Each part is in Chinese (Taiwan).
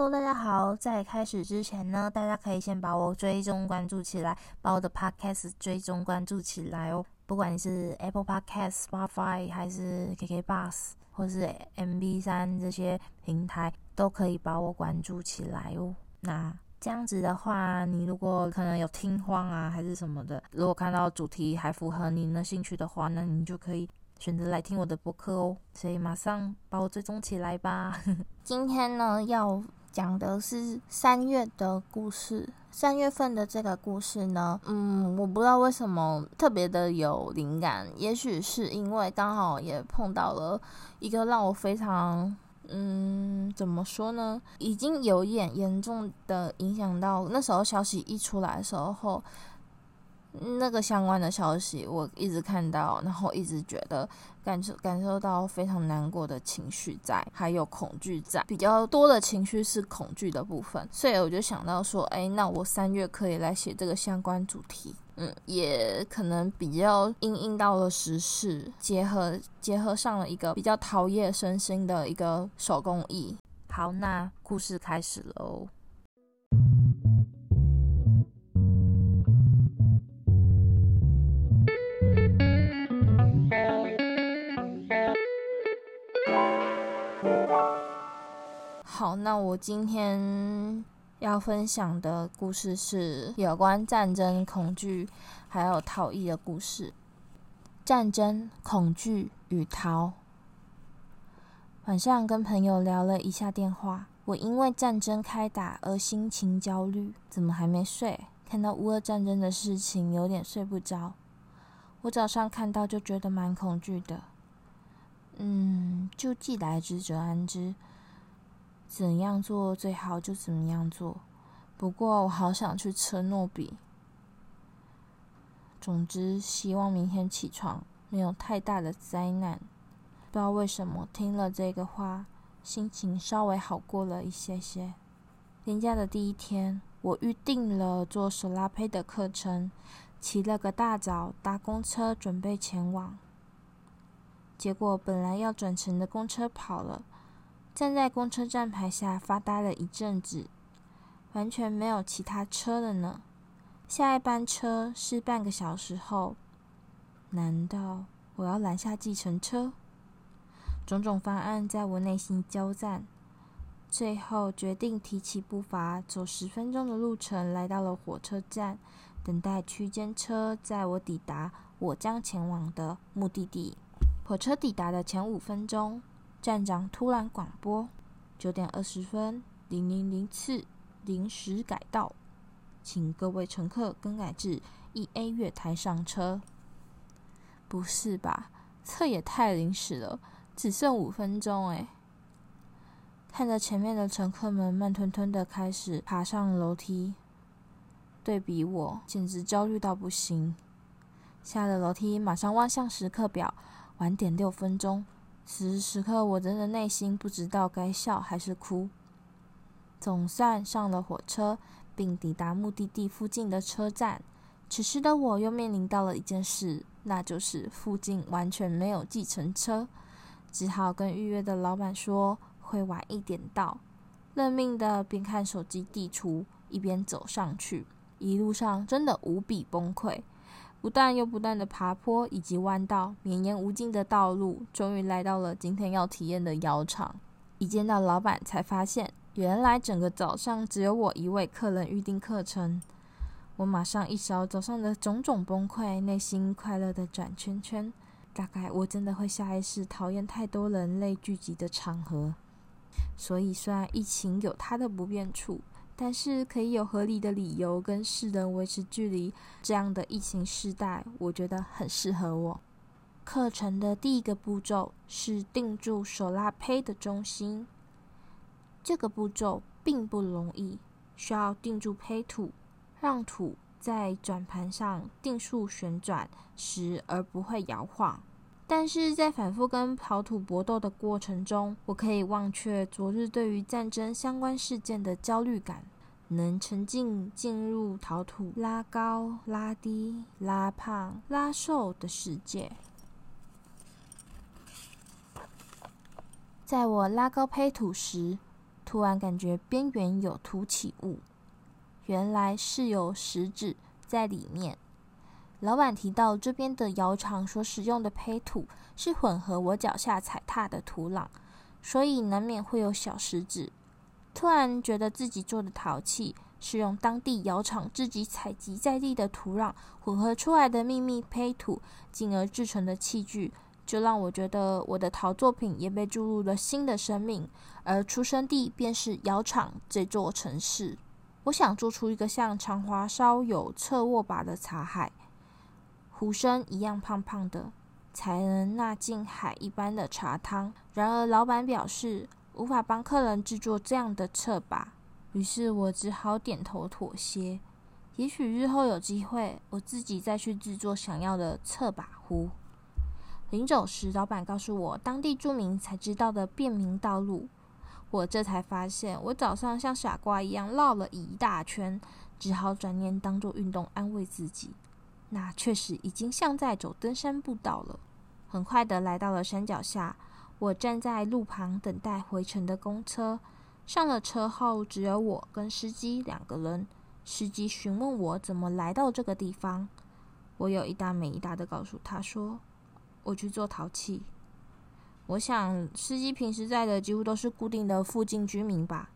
Hello，大家好，在開始之前呢，大家可以先把我追蹤關注起來，把我的 podcast 追蹤關注起來哦。不管你是 Apple Podcast、Spotify 還是 KKBOX 或是 MB 三這些平台，都可以把我關注起來哦。那這樣子的話，你如果可能有聽荒啊，還是什麼的，如果看到主題還符合您的興趣的話，那你就可以選擇來聽我的播客哦。所以馬上把我追蹤起來吧。今天呢要。講的是三月的故事，三月份的這個故事呢，嗯，我不知道為什麼特別的有靈感，也許是因為剛好也碰到了一個讓我非常，嗯，怎麼說呢，已經有一點嚴重的影響到，那時候消息一出來的時候。那個相關的消息，我一直看到，然後一直覺得感受感受到非常難過的情緒在，還有恐懼在，比較多的情緒是恐懼的部分，所以我就想到說，哎，那我三月可以來寫這個相關主題，嗯，也可能比較因應到了時事，結合結合上了一個比較陶冶身心的一個手工藝。好，那故事開始嘍。那我今天要分享的故事是有關戰爭、恐懼，還有陶藝的故事。戰爭、恐懼與陶。晚上跟朋友聊了一下電話，我因為戰爭開打而心情焦慮，怎麼還沒睡？看到烏俄戰爭的事情，有點睡不着。我早上看到就覺得蠻恐懼的，嗯，就既來之則安之。怎樣做最好就怎麼樣做，不過我好想去車諾比。總之，希望明天起床沒有太大的災難。不知道為什麼聽了這個話，心情稍微好過了一些些。連假的第一天，我預定了做手拉胚的課程，起了個大早搭公車準備前往，結果本來要轉乘的公車跑了。站在公車站牌下發呆了一陣子，完全沒有其他車了呢。下一班車是半個小時後，難道我要攔下計程車？種種方案在我內心交戰，最後決定提起步伐，走十分鐘的路程來到了火車站，等待區間車載我抵達我將前往的目的地。火車抵達的前五分鐘。站長突然廣播：“九點二十分，零零零次臨時改道，請各位乘客更改至一 A 月台上車。”不是吧，這也太臨時了，只剩五分鐘誒。看着前面的乘客們慢吞吞的開始爬上樓梯，對比我簡直焦慮到不行。下了樓梯，馬上望向時刻表，晚點六分鐘。此時此刻，我真的內心不知道該笑還是哭。總算上了火車，並抵達目的地附近的車站。此時的我又面臨到了一件事，那就是附近完全沒有計程車，只好跟預約的老板說會晚一點到，認命的邊看手機地圖一邊走上去。一路上真的無比崩潰。不斷又不斷的爬坡以及彎道，綿延無盡的道路，終於來到了今天要體驗的窑場。一見到老板，才發現原來整個早上只有我一位客人預定課程。我馬上一掃早上的種種崩潰，內心快樂的轉圈圈。大概我真的會下意識討厭太多人類聚集的場合，所以雖然疫情有它的不便處。但是可以有合理的理由跟世人維持距離，這樣的疫情世代，我覺得很適合我。課程的第一個步驟是定住手拉坯的中心，這個步驟並不容易，需要定住坯土，讓土在轉盤上定速旋轉時而不會搖晃。但是在反覆跟陶土搏鬥的過程中，我可以忘卻昨日對於戰爭相關事件的焦慮感，能沉浸進，進入陶土拉高、拉低、拉胖、拉瘦的世界。在我拉高胚土時，突然感覺邊緣有凸起物，原來是有石子在裡面。老闆提到，這邊的窯廠所使用的坯土，是混合我腳下踩踏的土壤，所以難免會有小石子。突然覺得自己做的陶器是用當地窯廠自己採集在地的土壤混合出來的秘密坯土，進而制成的器具，就讓我覺得我的陶作品也被注入了新的生命，而出生地便是窯廠這座城市。我想做出一個像常滑燒有側握把的茶海。壺身一樣胖胖的，才能納進海一般的茶湯。然而，老闆表示無法幫客人制作這樣的側把，於是我只好點頭妥協。也許日後有機會，我自己再去制作想要的側把壺。臨走時，老闆告訴我當地住民才知道的便民道路，我這才發現我早上像傻瓜一樣繞了一大圈，只好轉念當作運動安慰自己。那確實已經像在走登山步道了。很快的來到了山腳下，我站在路旁等待回程的公車。上了車後，只有我跟司機兩個人。司機詢問我怎麼來到這個地方，我有一搭沒一搭的告訴他說：“我去做陶器。”我想司機平時載的幾乎都是固定的附近居民吧，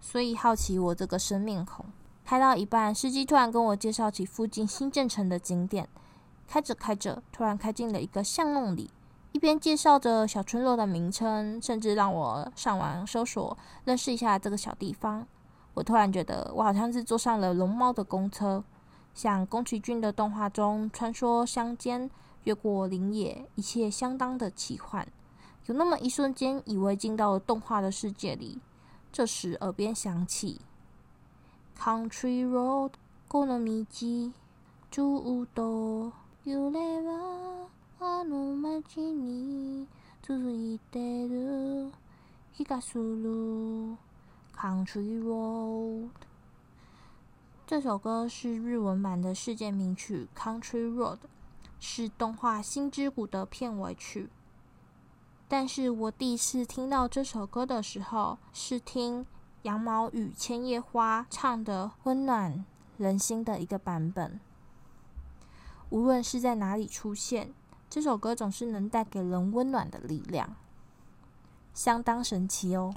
所以好奇我這個生面孔。開到一半，司機突然跟我介紹起附近新建成的景點。開着開着，突然開進了一個巷弄裡，一邊介紹着小村落的名稱，甚至讓我上網搜索認識一下這個小地方。我突然覺得，我好像是坐上了龍貓的公車，像宮崎駿的動畫中穿梭鄉間、越過林野，一切相當的奇幻。有那麼一瞬間，以為進到了動畫的世界裡。這時，耳邊響起。Country Road この道、ずっとゆけばあの街に続いてる気がする。Country Road。這首歌是日文版的世界名曲 Country Road。是動畫《心之谷》的片尾曲。但是我第一次聽到這首歌的時候是聽。《羊毛與千葉花》唱的溫暖人心的一個版本，無論是在哪裡出現，這首歌總是能帶給人溫暖的力量，相當神奇哦。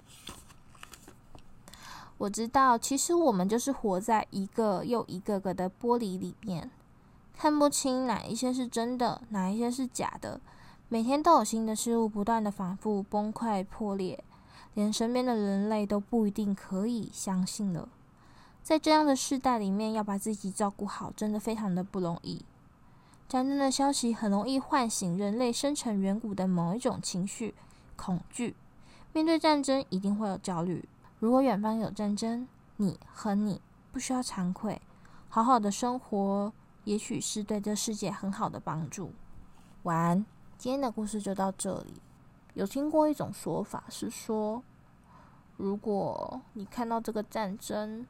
我知道，其實我們就是活在一個又一個個的玻璃裡面，看不清哪一些是真的，哪一些是假的。每天都有新的事物不斷的反復崩壞破裂。連身邊的人類都不一定可以相信了，在這樣的世代裡面，要把自己照顧好，真的非常的不容易。戰爭的消息很容易喚醒人類深沉遠古的某一種情緒——恐懼。面對戰爭，一定會有焦慮。如果遠方有戰爭，你和你不需要慚愧，好好的生活，也許是對這世界很好的幫助。晚安，今天的故事就到這裡。有聽過一種說法是說，如果你看到這個戰爭，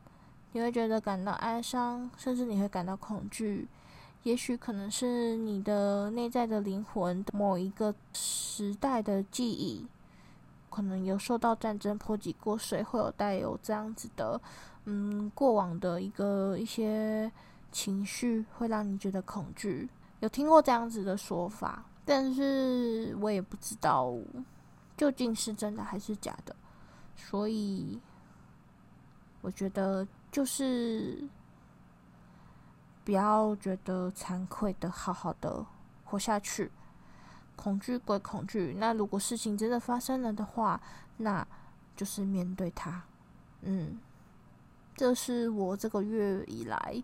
你會覺得感到哀傷，甚至你會感到恐懼。也許可能是你的內在的靈魂某一個時代的記憶，可能有受到戰爭波及過水，所以會有帶有這樣子的，嗯，過往的一個一些情緒，會讓你覺得恐懼。有聽過這樣子的說法？但是我也不知道究竟是真的還是假的，所以我覺得就是不要覺得慚愧的，好好的活下去。恐懼歸恐懼，那如果事情真的發生了的話，那就是面對它。嗯，這是我這個月以來。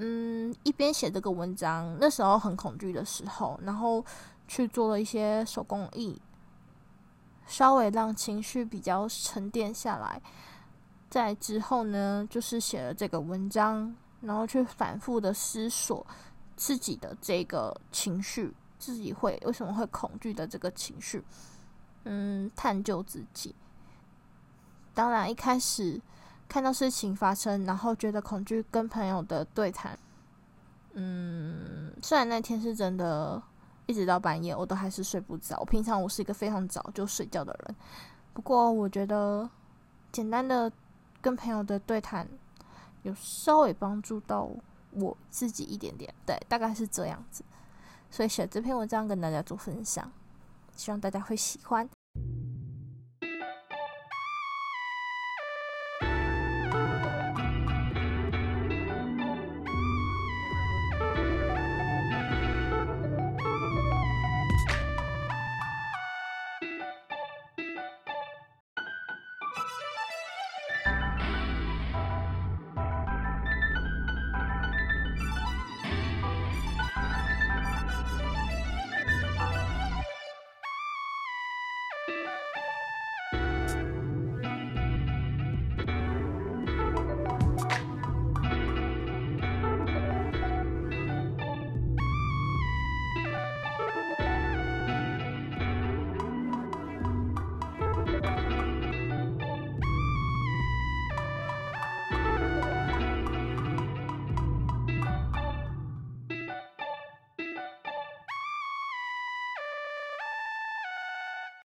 嗯，一邊寫這個文章，那時候很恐懼的時候，然後去做了一些手工藝，稍微讓情緒比較沉澱下來。在之後呢，就是寫了這個文章，然後去反覆的思索自己的這個情緒，自己會，為什麼會恐懼的這個情緒，嗯，探究自己。當然一開始。看到事情發生，然後覺得恐懼，跟朋友的對談，嗯，雖然那天是真的，一直到半夜我都還是睡不着。我平常我是一個非常早就睡覺的人，不過我覺得簡單的跟朋友的對談，有稍微幫助到我自己一點點，對，大概是這樣子。所以寫這篇文章跟大家做分享，希望大家會喜歡。